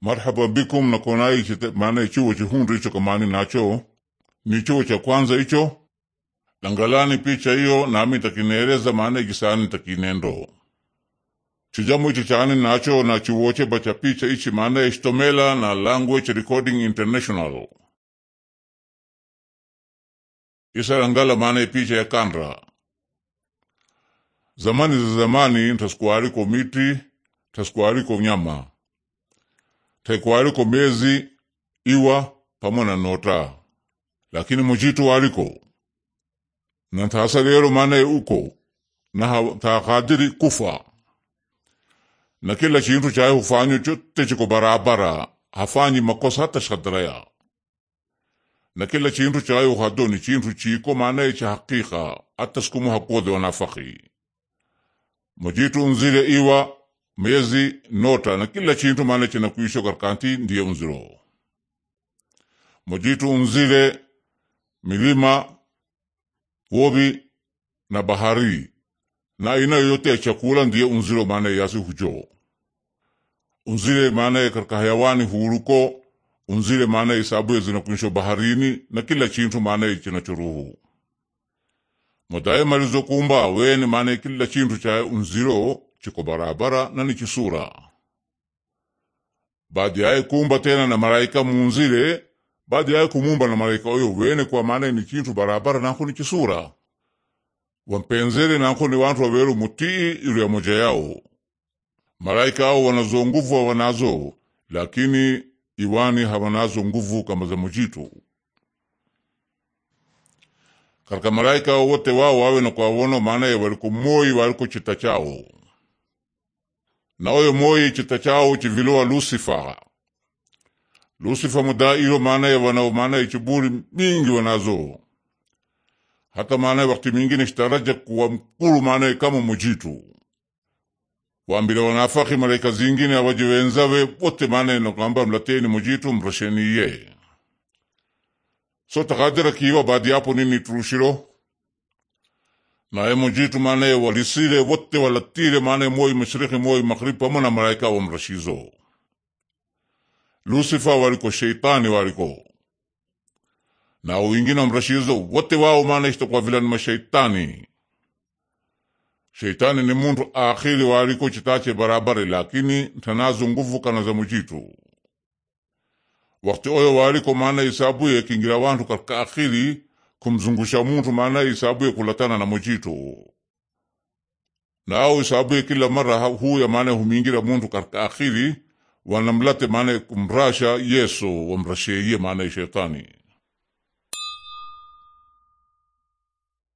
marhaba bikum nakonai maana ichuo chihundo hicho kamani nacho ni chuo cha kwanza hicho langalani picha hiyo nami takinereza maana ikisani takinendo chijamu hicho chani nacho na chiwoche bacha picha ichi maana ishtomela na language recording international isa langala maana picha ya kanra zamani za zamani tasikuariko miti tasikuariko nyama taikwaliko mezi iwa pamona nota lakini mujitu waliko natasa lelo manaye uko takadiri kufa na kila chintu chaye hufanyo chote chiko barabara hafanyi makosa hata shadraya na kila chintu chaye uhado ni chintu chiko manaye cha hakika hata sikumu hakuode wanafaki mujitu nzile iwa mezi nota na kila chintu mane kuisho karkanti ndiye unziro mojitu unzire milima wobi na bahari na aina yoyote ya chakula ndiye unziro mane yasi hujo unzire mane karkahayawani huruko unzile mane zina kuisho baharini na kila chintu mane chenachoruhu modaye malizo kumba weni mane kila chintu chaye unziro chiko barabara na ni kisura badi yaye kumba tena na malaika munzire badi yaye kumumba na malaika oyo wene kwa maana ni kintu barabara nako ni kisura wampenzele nako ni wantu waweru mutii ilu ya moja yao malaika ao wanazo nguvu wa wanazo lakini iwani hawanazo nguvu kama za mujitu karika malaika wote wao wawe na kwawona maana ye waliko moyi waliko chita chao na oyo moyi chita chao chivilowa Lusifa. Lusifa mudairo maanaye wanao maanaye chiburi mingi wanazo hata maanaye wakati mingine chitaraja kuwa mkulu maanaye kama mujitu waambile wanafaki malaika zingine awaje wenzawe wote maanaye nakwamba mlateni mujitu mrosheniye so takadira kiwa baadi yapo nini turushiro naye mujitu manaye walisile wote walatile manaye moi mashariki moi magharibi pamo na malaika mrashizo lusifa waliko sheitani waliko na uingine wamrashizo wote wao manaye shitakuwa vilani ni sheitani ni muntu akhiri waliko chitache barabari lakini tanazo nguvu kana za mujitu wakati oyo waliko maana isabuye kingira wantu katika akhiri kumzungusha muntu maana isabu ya kulatana na mojito na au isabu ya kila mara huya maana humingira muntu katika akhiri wanamlate maana kumrasha Yesu wamrasheye maana shetani